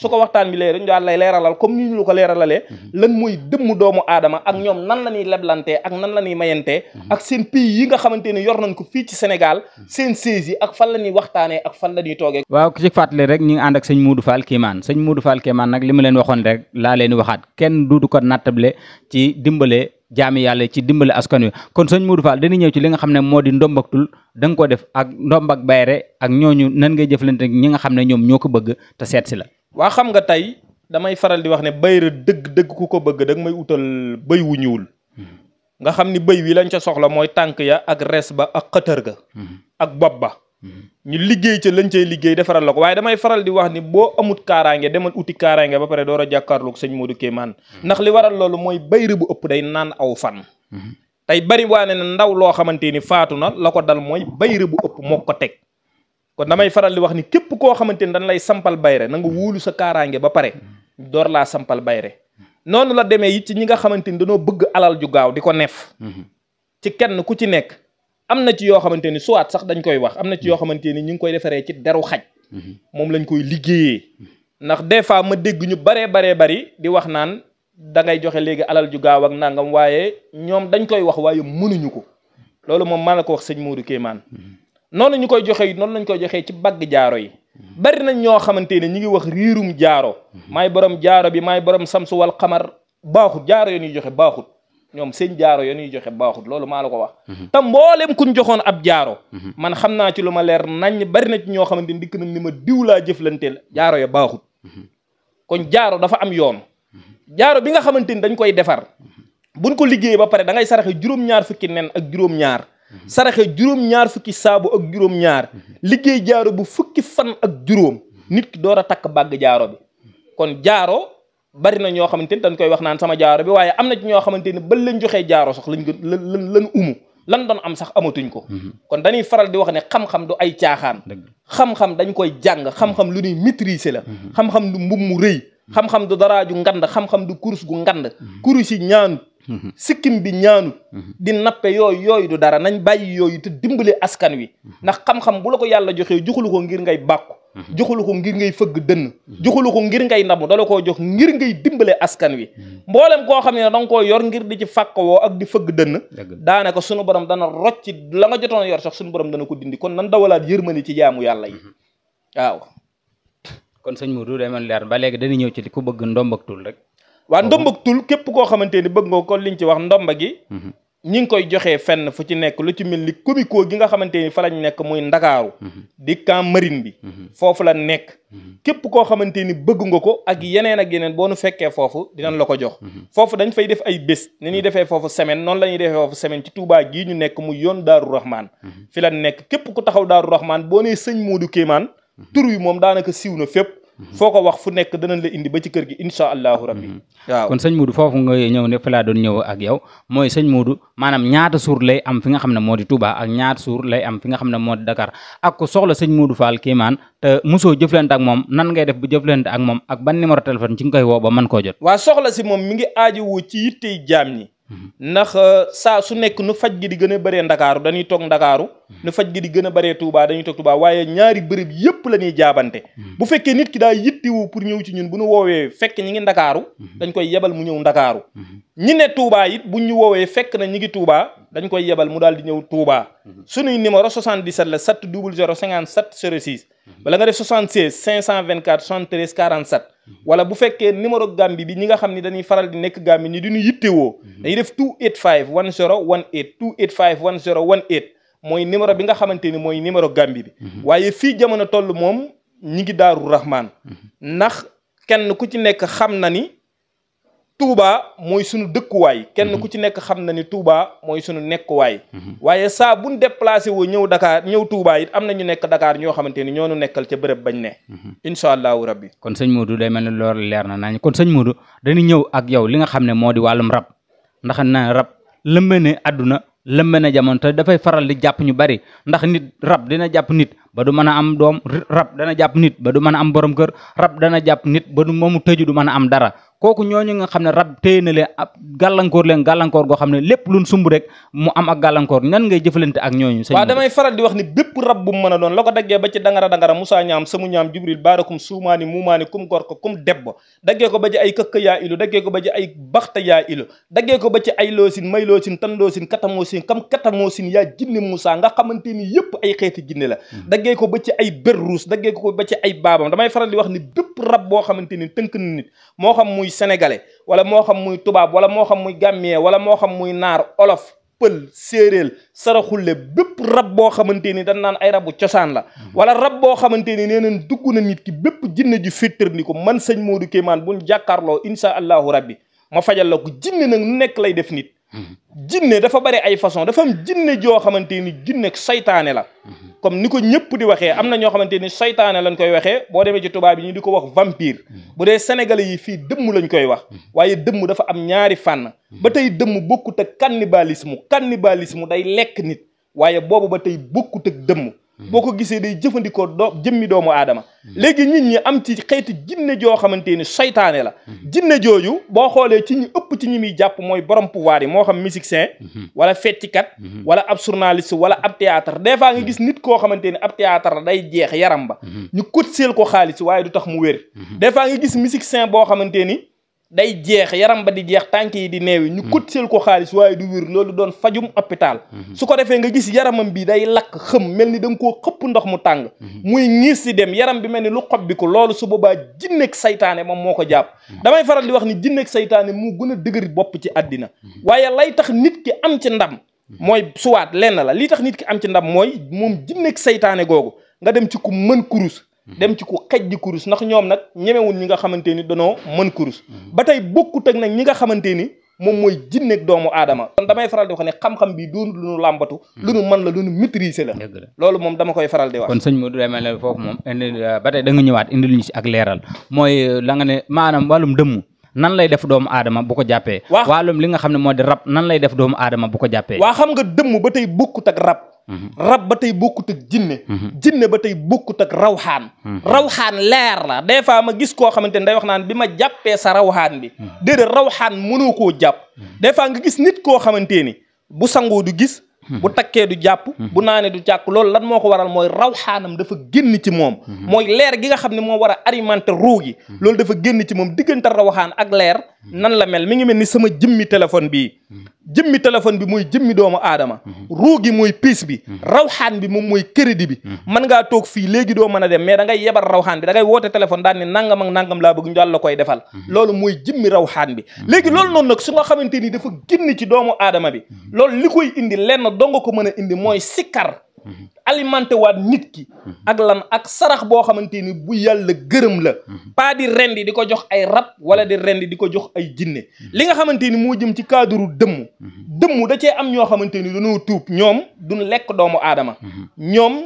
su ko waxtaan bi léer ñu daal lay leeralal comme ni ñu lu ko leeralalee mhm. lan mooy dëmm doomu aadama ak ñoom nan la ñuy leblantee ak nan la ñuy mayantee mhm. ak seen pays yi nga xamante ne yor nañ ko fii ci Sénégal mhm. seen siège yi ak fan la ñuy waxtaanee ak fan la ñuy toogee waaw ku ci fàttali rek ñi ngi ànd sëñ Modou Fall Kéemaan sëñ Modou Fall Kéemaan nag li ma leen waxoon rek laa leen waxaat kenn duutu ko nattable ci dimbale jaami yàlla ci dimbale askan wi kon sëñ Modou Fall dañuy ci li nga xam ne moo di ndombaktul da nga def ak ndombak bayre ak ñooñu nan ngay jëflante ñi nga xam ne ñoom ñoo ko bëgg te seet si la waa xam nga tey damay faral di wax ne bayra dëgg-dëgg ku ko bëgg dag may utal bëy wu ñuul hmm. nga xam ni bëy wi lañ ca soxla mooy tànk ya ak res ba ak xëtër ga hmm. ak bopp ba hmm. ñu liggéey ca lañ cay liggéey defaral la ko waaye damay faral di wax ni boo amut kaaraange demal uti kaaraange ba pare door a jàkkaarloog sëñ Modou Kéemaan ndax li waral loolu mooy bayra bu ëpp day naan aw fan tey bari waane ne ndaw loo xamante ni faatu na la ko dal mooy bayra bu ëpp moo ko teg kon damay faral di wax ni képp koo xamante ni dañ lay sampal bayre na nga wóolu sa kaaraange ba pare door laa sampal bayre noonu la demee it ci ñi nga xamante ni dañoo bëgg alal ju gaaw di ko neef mhm. ci kenn ku ci nekk am na ci yoo xamante ni soit sax dañ koy wax am na ci yoo mhm. xamante ni ñu ngi koy defaree ci deru xaj mhm. moom lañ koy liggéeyee ndax des fois ma dégg ñu baree baree bari di wax naan da ngay joxe léegi alal ju gaaw ak nangam waaye ñoom dañ koy wax waaye mënuñu ko loolu moom maa la ko wax sëñ Modou Kéemaan noonu ñu koy joxe noonu lañ koy joxee ci bagg jaaro yi bari nañ ñoo xamante ne ñi ngi wax riirum jaaro maay borom jaaro bi maay borom samsu wal xamar baaxut jaaro yo ñuy joxe baaxut ñoom seen jaaro yo ñuy joxe baaxut loolu maa la ko wax mhm. te mboolem kuñ joxoon ab jaaro mhm. man xam naa ci lu ma leer nañ bari na ñoo xamante ni dikk nañ ni ma diw laa jëflanteel jaaro ya baaxut mhm. kon jaaro dafa am yoon jaaro bi nga xamante ni dañ koy defar buñ ko liggéey ba pare da ngay saraxe juróom-ñaar fukki nen ak juróom-ñaar saraxe juróom-ñaar fukki saabu ak juróom-ñaar liggéey jaaro bu fukki fan ak juróom nit ki door a takk bàgg jaaro bi kon jaaro bari na ñoo xamante ni dañ koy wax naan sama jaaro bi waaye am na ci ñoo xamante ni ba lañ joxee jaaro sax lañ gën lan lan umu lan doon am sax amatuñ ko mhm. kon dañuy faral di wax ne xam-xam du ay caaxaan xam-xam dañ koy jàng xam-xam lu ñuy maîtriser la mhm. xam-xam du mbub mu rëy mhm. xam-xam du daraaju ngand xam-xam du kurus gu ngand kurus yi Mhm. sikkim bi ñaanu mhm. di nappe yooyu yooyu du dara nañ bàyyi yooyu te dimbale askan wi mhm. ndax xam-xam bu la ko yàlla joxee joxulu ko ngir ngay bàkku joxulu ko ngir ngay fëgg dënn joxulu ko ngir ngay ndamu dala koo jox ngir ngay dimbale askan wi mboolem koo xam ne danga ko yor ngir di ci fàkkawoo ak di fëgg dënn daanaka sunu borom dana rocci la nga jotoon yor sax sunu borom dana ko dindi kon nan dawalaat yërmande ci jaamu yàlla yi waaw kon sëñ Modou day leer ba léegi dañuy ñëw ci ku bëgg ndombak rek waa ndombak tul képp koo xamante ni bëgg nga kon liñ ci wax ndomba gi mhm. ñi ngi koy joxee fenn fu ci nekk lu ci mel ni komikoo gi nga xamante ni fa lañ nekk muy ndakaaru mhm. di camp bi mhm. foofu la nekk képp koo xamante ni bëgg nga ko ak yeneen ak yeneen boo nu fekkee foofu dinañ la ko jox foofu dañ fay def ay bés ni ñuy defee foofu semaine noonu la ñuy defee foofu semaine ci Touba gii ñu nekk mu yoon Daaru Rahman fi la nekk képp ku taxaw Daaru Rahman boo nee sëñ moo Modou Kéemaan tur wi moom daanaka siiw na fépp foo ko wax fu nekk danañ la indi ba ci kër gi incha allahu rabbi mhm. kon sëñ Modou foofu nga ñëw ne fa doon ñëw ak yow mooy sëñ Modou maanaam ñaata suur lay am fi nga xam ne moo di Touba ak ñaata suur lay am fi nga xam ne moo di Dakar ak ko soxla sëñ Modou Fall Kéemaan te mosoo jëflante ak moom nan ngay def bu jëflante ak moom ak ban numéro téléphone ci nga koy woo ba man koo jot waa soxla si moom mi ngi aajowu ci yittey jaam ñi ndax euh, saa su nekk nu faj gi di gën a bëree ndakaaru dañuy toog ndakaaru nu faj gi di gën a bëree Touba dañuy toog Touba waaye ñaari bërëb yëpp la ñuy jaabante hmm. bu fekkee nit ki daa yittiwu pour ñëw ci ñun bu nu woowee fekk ñu ngi ndakaaru hmm. dañ koy yebal mu ñëw ndakaaru hmm. ñi ne Touba it bu ñu woowee fekk na ñu ngi tuubaa dañ koy yebal mu daal di ñëw Touba suñuy numéro 77 la 7 00 57 06 bala nga def 76 524 Mhm. wala bu fekkee numéro Gambie bi ñi nga xam ni dañuy faral di nekk Gambie du duñu yittewoo mhm. dañuy def 285 10 18 285 10 18 mooy numéro bi nga xamante ni mooy numéro Gambie bi mhm. waaye fii jamono toll moom ñi ngi daaru Rahman ndax kenn ku ci nekk xam na ni Touba mooy sunu dëkkuwaay. kenn mhm. ku ci nekk xam na ni tuubaa mooy sunu nekkuwaay. Mhm. waaye saa buñ déplacé woo ñëw Dakar ñëw Touba am na ñu nekk Dakar ñoo xamante ni ñoo nu nekkal ca bërëb bañ ne. Mhm. incha allahu rabbi. kon sëñ Modou day mel ni loolu leer na nañ kon sëñ Modou dañuy ñëw ak yow li nga xam ne moo di wàllum rab ndax na rab lëmbe ne àdduna lëmbe na jamono te dafay faral di jàpp ñu bari ndax nit rab dina jàpp nit ba du mën a am doom rab dana jàpp nit ba du mën a am borom kër rab dana jàpp nit ba du moomu tëju du mën a am dara kooku ñooñu nga xam ne rab téye na leen ab gàllankoor leen gàllankoor goo xam ne lépp luñ sumb rek mu am ak gàllankoor nan ngay jëfalante ak ñooñu waaw damay faral di wax ni bépp rab a ba ci dangara dangara Moussa ñaam hmm. boo xamante ni tënk nit moo xam muy sénégalais wala moo xam muy tubaab wala moo xam muy gambien wala moo xam muy naar olof pël séeréel saraxulle bépp rab boo xamante ni dañ naan ay rabu cosaan la hmm. wala rab boo xamante ni nee nañ dugg na nit ki bépp jinne ji féttarni ko man sëñ Modou Kémane buñ jàkkaarloo incha allahu rabbi ma fajal la ko jinne nag nu nekk lay def nit jinne dafa bare ay façon dafa am jinne joo xamante ni jinne saytaane la comme ni ko ñëpp di waxee am na ñoo xamante ni saytaane lañ koy waxee boo demee ci tubaab yi ñu di ko wax vampire bu dee sénégalais yi fii dëmm lañ koy wax waaye dëmm dafa am ñaari fànn ba tey dëmm bokkut ak cannibalisme cannibalisme day lekk nit waaye boobu ba tey bokkut ak dëmm boo ko gisee day jëfandikoo doo jëmmi doomu aadama mm. léegi nit ñi am ci xeeti jinne joo xamante ni soytaane la mm. jinne jooju boo xoolee ci ñu ëpp ci ñi muy jàpp mooy borom pouvoir yi moo xam musicien mm -hmm. wala feccikat -hmm. wala ab journaliste wala ab théâtre des fois nga gis nit koo xamante ni ab théâtre la day jeex yaram ba -hmm. ñu cotiseel ko xaalis waaye du tax mu wér des fois nga gis musicien boo xamante ni day jeex yaram ba di jeex tànk yi di neewi ñu hmm. cotiser ko xaalis waaye du wér loolu doon fajum hôpital hmm. su ko defee nga gis yaramam bi day lakk xëm mel ni da nga koo xëpp ndox mu tàng hmm. muy ngiis si dem yaram bi mel ni lu xob bi ko loolu su boobaa jinneeg saytaane moom moo ko jàpp damay faral di wax ni jinneeg seytaane mu gën a dëgër bopp ci àddina waaye lay tax nit ki am ci ndam mooy suwaat lenn la li tax nit ki am ci ndam mooy moom jinneeg saytaane googu nga dem ci ku mën dem ci ku xej di kurus ndax ñoom nag ñemewul ñi nga xamante ni danoo mën kurus ba tey bokkut ak nag ñi nga xamante ni moom mooy jinneeg doomu aadama kon damay faral di wax ne xam-xam bi doon lu lu nu mën la lu nu maîtriser la loolu moom dama koy faral di wax kon sëñ Modou day mel ne foofu moom indi ba tey da nga ñëwaat indi lu ñu si ak leeral mooy euh, la nga ne maanaam wàllum dëmm nan lay def doomu aadama bu ko jàppee wàllum li nga xam ne moo di rab nan lay def doomu aadama bu ko jàppee waa xam nga dëmm ba tey bokkut ak rab Mm-hmm. rab ba tey bokkut ak jinne mm-hmm. jinne ba tey bokkut ak rawxaan mm-hmm. rawxaan leer la des fois ma gis koo xamante ne day wax naan bi ma jàppee sa rawaxaan bi déedéet rawxaan mënu koo jàpp des fois nga gis nit koo xamante ni bu sangoo du gis bu takkee du jàpp bu naanee du jàkk loolu lan moo ko waral mooy rawxaanam dafa génn ci moom mooy leer gi nga xam ne moo war a alimenter ruu gi loolu dafa génn ci moom diggante rawaxaan ak leer nan la mel mi ngi mel ni sama jëmmi téléphone bii jëmmi téléphone bi mooy jëmmi doomu aadama mhm. ruu gi mooy piis bi mhm. rawxaan bi moom mooy crédit bi mhm. man ngaa toog fii léegi doo mën a dem mais da ngay yebal rawxaan bi da ngay woote téléphone daan ni nangam ak nangam laa bëgg ñu koy defal loolu mooy jëmmi rawxaan bi léegi loolu noonu nag su nga xamante ni dafa génn ci doomu aadama bi loolu li koy indi lenn dong ko mën a indi mooy sikkar alimenté waat nit ki. Mhm. ak lan ak sarax boo xamante ni bu yàlla gërëm la. Mhm. pas di rendi di ko jox ay rab wala di rendi di ko jox ay jinne mhm. li nga xamante ni moo jëm ci cadre dëmm. dëmm da cee am ñoo xamante ni dañoo tuub ñoom du lekk doomu aadama. ñoom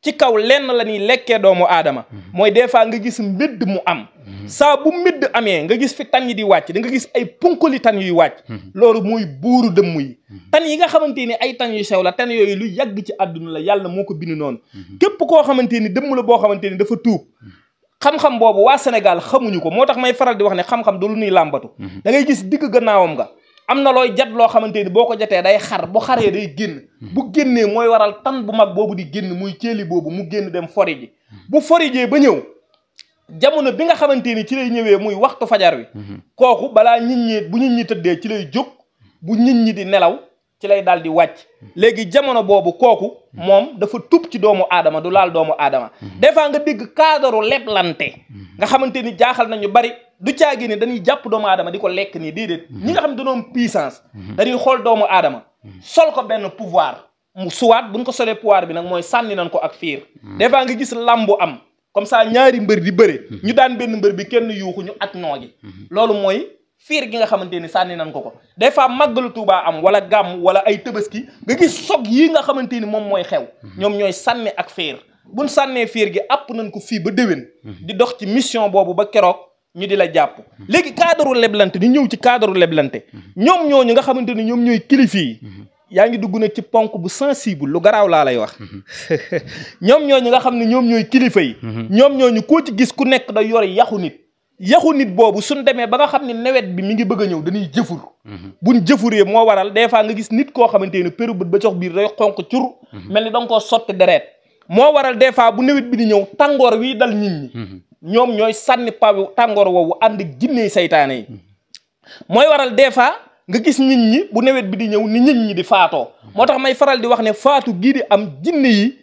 ci kaw lenn la ñuy lekkee doomu aadama mhm. mooy des fois nga gis mbëdd mu am mhm. saa bu mbëdd amee nga gis fi tan yi di wàcc danga gis ay ponkoli tan yuy wàcc mhm. loolu muy buuru dëmm yi tan yi nga xamante ni ay tan yu sew la tan yooyu lu yàgg ci àdduna la yàlla moo ko bind noonu képp koo xamante ni dëmm la boo xamante ni dafa tuub xam-xam boobu waa Sénégal xamuñu ko moo tax may faral di wax ne xam-xam du lu nuy làmbatu da ngay gis digg gannaawam nga am na looy jat loo xamante ni boo ko jatee day xar bu xaree day génn hmm. bu génnee mooy waral tan bu mag boobu di génn muy céeli boobu mu génn dem fori ji hmm. bu fori jee ba ñëw jamono bi nga xamante ni ci lay ñëwee muy waxtu fajar wi hmm. kooku balaa nit ñi bu nit ñi tëddee ci lay jóg bu nit ñi di nelaw ci lay daal di wàcc léegi jamono boobu kooku moom dafa tub ci doomu aadama du laal doomu aadama des nga dégg kaadaru leblante nga xamante ni jaaxal nañu bari du caagi ne dañuy jàpp doomu aadama di ko lekk nii déedéet mhm. ñi nga xam ne dañoo am puissance mhm. dañuy xool doomu aadama mhm. sol ko benn pouvoir mu suwaat buñ ko solee pouvoir bi nag mooy sànni nañ ko ak fiir des fois nga gis làmbu am comme sa ñaari mbër di bëre ñu daan benn mbër bi kenn yuuxu ñu ak noogi loolu mooy fiir gi nga xamante ni sànni nañ ko ko des fois la Tuubaa am wala gàmm wala ay tëbaski nga gis sog yi nga xamante ni moom mooy xew ñoom ñooy sànni ak fiir buñ sànnee fiir gi àpp nañ ko fii ba déwén. di dox ci mission boobu ba keroog ñu di la jàpp. léegi cadre leblante di ñëw ci cadre leblante. ñoom ñooñu nga xamante ne ñoom ñooy kilifa yi. yaa ngi dugg nag ci ponk bu sensible lu garaaw laa lay wax ñoom ñooñu nga xam ne ñoom ñooy kilifa yi mhm. ñoom ñooñu koo ci gis ku nekk da yore yaxu nit yaxu nit boobu suñ demee ba nga xam ne nawet bi mi ngi bëgg a ñëw dañuy jëfur mhm. buñ jëfuree moo waral des fois nga gis nit koo xamante ne péru bët ba jox biir day xonq cur mhm. mel ni da koo sotti deret moo waral des fois bu nawet bi di ñëw tàngoor wii dal nit ñi mhm. ñoom ñooy sànni pawi tàngoor woowu ànd jinne saytaane yi mooy waral des fois nga gis nit ñi bu nawet bi di ñëw ni nit ñi di faatoo moo tax may faral di wax ne faatu gii di am jinne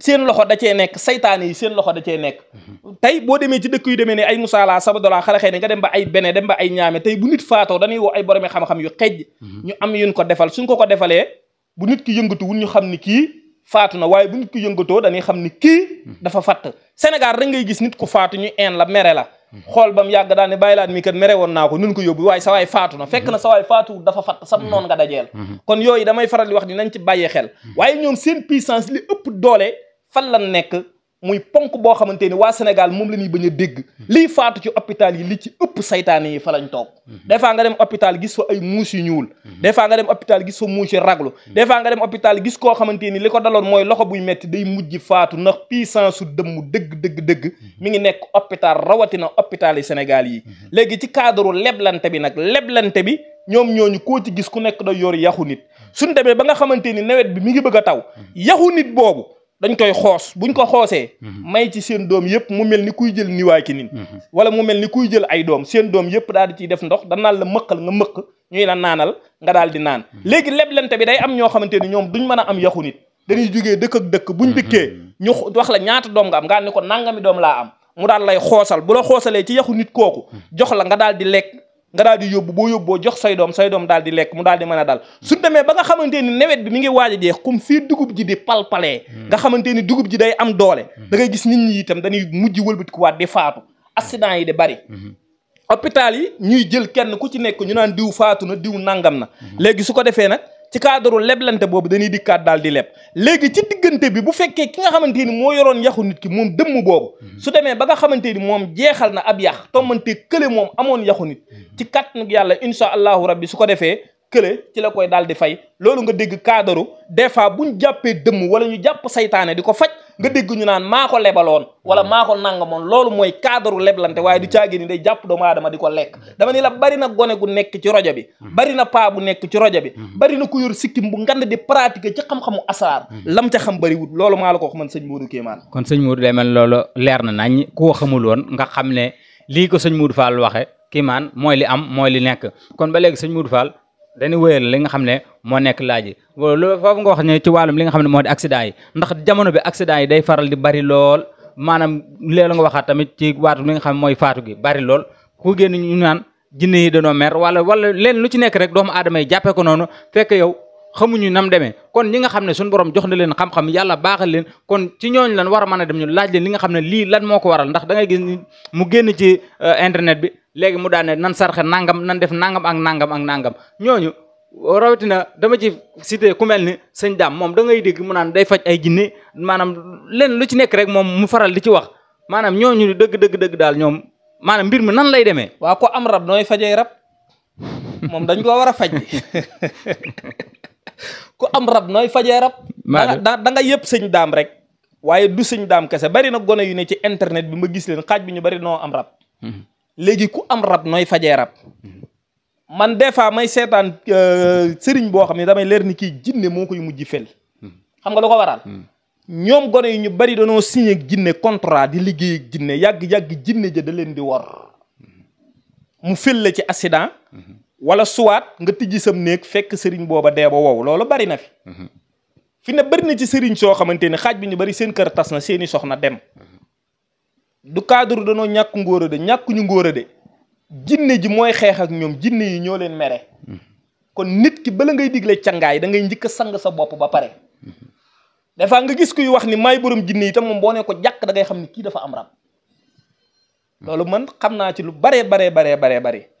seen loxo da cee nekk saytaane yi seen loxo da cee nekk mhm. tey boo demee ci dëkk yu demee ne ay musaala sabadolaa xalaxee ne nga dem ba ay bene dem ba ay ñaame tey bu nit faatoo dañuy woo ay boromi xam-xam yu xejj mhm. ñu am yuñ ko defal suñ ko ko defalee bu nit ki yëngatu wun ñu xam ni kii faatu na waaye bu buñ ko yëngatoo dañuy xam ni kii dafa fatt senegal rek ngay gis nit ko faatu ñu een la mere la xool ba mu yàgg daal ne bàyyi laat mi kat mere woon naa ko nun ko yóbbu waaye sa waay faatu na fekk na sa waay faatu dafa fatt sam noon nga dajeel kon yooyu damay faral di wax ni nañ ci bàyyee xel waaye ñoom seen puissance li ëpp doole fan lan nekk muy ponk boo xamante ni waa Sénégal moom la ñuy bañ a dégg lii faatu ci hôpital yi li ci ëpp saytaane yi fa lañ toog mhm. des fois nga dem hôpital gis fa ay muus yu ñuul mhm. des fois nga dem hôpital gis fa muus yu raglu mhm. des fois nga dem gis koo xamante ni li ko daloon mooy loxo buy metti day mujj faatu ndax puissance su dëmm dëgg dëgg dëgg mi ngi nekk hôpital rawatina hôpital yi Sénégal yi léegi ci cadre leblante bi nag leblante bi ñoom ñooñu koo ci gis ku nekk da yor yaxu nit suñ demee ba nga xamante ni nawet bi mi ngi bëgg a taw yaxu nit boobu dañ koy xoos bu ñu ko xoosee. Mhm. may ci seen doom yëpp mu mel ni kuy jël niwaay ki nin mhm. wala mu mel ni kuy jël ay doom seen doom yëpp daal di ciy def ndox danaan la mëqal nga mëq ñuy la naanal nga daal di naan. Mhm. léegi leblante bi day am ñoo xamante ni ñoom duñ mën a am yaxu nit dañuy jógee dëkk ak dëkk bu ñu dëkkee ñu wax la ñaata doom nga am nga ni ko nangami doom laa am mu daal lay xoosal bu la xoosalee ci yaxu nit kooku jox la nga daal di lekk. nga daal yóbbu boo yóbboo jox say doom say doom daal di lekk mu daal di mën a dal hmm. su demee ba nga xamante ni nawet bi mu ngi waaj a jeex comme fii dugub ji di palpalee hmm. nga xamante ni dugub ji day am doole hmm. da ngay gis nit ñi itam dañuy mujj waat di faatu accident yi di bari hôpital yi ñuy jël kenn ku ci nekk ñu naan diw faatu na diw nangam na léegi su ko defee nag ci cadre leblante boobu dañuy dikkaat daal di leb léegi ci diggante bi bu fekkee ki nga xamante ni moo yoroon yaxu nit ki moom dëmm boobu mhm. su demee ba nga xamante ni moom jeexal na ab yax tombante kële moom amoon yaxu nit mhm. ci kàttanu yàlla insha allahu rabbi su ko defee kële ci la koy daal di fay loolu nga dégg cadre des fois buñ jàppee dëmm wala ñu jàpp seytaane di ko faj nga dégg ñu naan maa ko lebaloon wala mm. maa ko nangamoon loolu mooy cadre leblante waaye du mm. caagee ni day jàpp doomu aadama di ko lekk mm. dama ni la bari na gone gu nekk ci rojo bi bari na paa bu nekk ci rojo bi bari na ku yor sikkim bu ngand di pratiquer ci xam-xamu asaar lam ca xam bariwut loolu maa la ko wax man sëñ Modou Kéemaan kon sëñ Modou day man loolu leer na nañ ku ko xamul woon nga xam ne lii ko sëñ Modou Fall waxe Kéemaan mooy li am mooy li nekk kon ba léegi sëñ Modou Fall dañuy wéyal li nga xam ne moo nekk laaj yi loolu foofu nga wax ne ci wàllum li nga xam ne moo di accident ndax jamono bi accident yi day faral di bari lool maanaam léelu nga waxaat tamit ci waatu li nga xam mooy faatu gi bari lool ku génn ñu naan jinne yi dañoo mer wala wala leen lu ci nekk rek doomu aadama yi jàppee ko noonu fekk yow xamuñu nam demee kon ñi nga xam ne suñu borom jox na leen xam-xam yàlla baaxal leen kon ci ñooñu lan war a mën a dem ñu laaj leen li nga xam ne lii lan moo ko waral ndax da ngay gis ni euh, internet bi léegi mu daane nan sarxe nangam nan def nangam ak nangam ak nangam ñooñu rawatina dama ci cité ku mel ni sëñ daam moom da dégg mu naan day faj ay jinne maanaam leen lu ci nekk rek moom mu faral di ci wax maanaam ñooñu dëgg dëgg dëgg daal ñoom maanaam mbir mi nan lay demee. waa ko am rab nooy fajee rab moom dañ koo war a faj. ku am rab nooy fajee rab. da yëpp sëñ daam rek. waaye du sëñ daam kese bari na gone yu ne ci internet bi ma gis leen xaaj bi ñu bari noo am rab. Hmm. léegi ku am rab nooy fajee rab. man des fois may seetaan euh, sëriñ boo xam ne damay leer ni kii jinne moo koy mujj fel. Hmm. xam nga lu ko waral. Hmm. ñoom gone yu ñu bari danoo signé ak jinne contrat di liggéey ak jinne yàgg yàgg jinne ja da leen di wor mu fel la ci accident. wala suwaat nga tijji sam néeg fekk sëriñ booba dee ba wow loolu bari na fi. Mhm. fi ne bari na ci sëriñ soo xamante ne xaaj bi ñu bari seen kër tas na seeni soxna dem. Mhm. du cadre danoo ñàkk ngóora de ñàkk ñu ngóora de jinne ji mooy xeex ak ñoom jinne yi ñoo leen mere. Mhm. kon nit ki bala ngay digle cangaay da ngay njëkk a sang sa bopp ba pare. des fois nga gis kuy wax ni may borom jinne yi tam moom boo ne ko jàkk dangay xam ni kii dafa am rab. loolu mën xam naa ci lu baree baree baree baree bare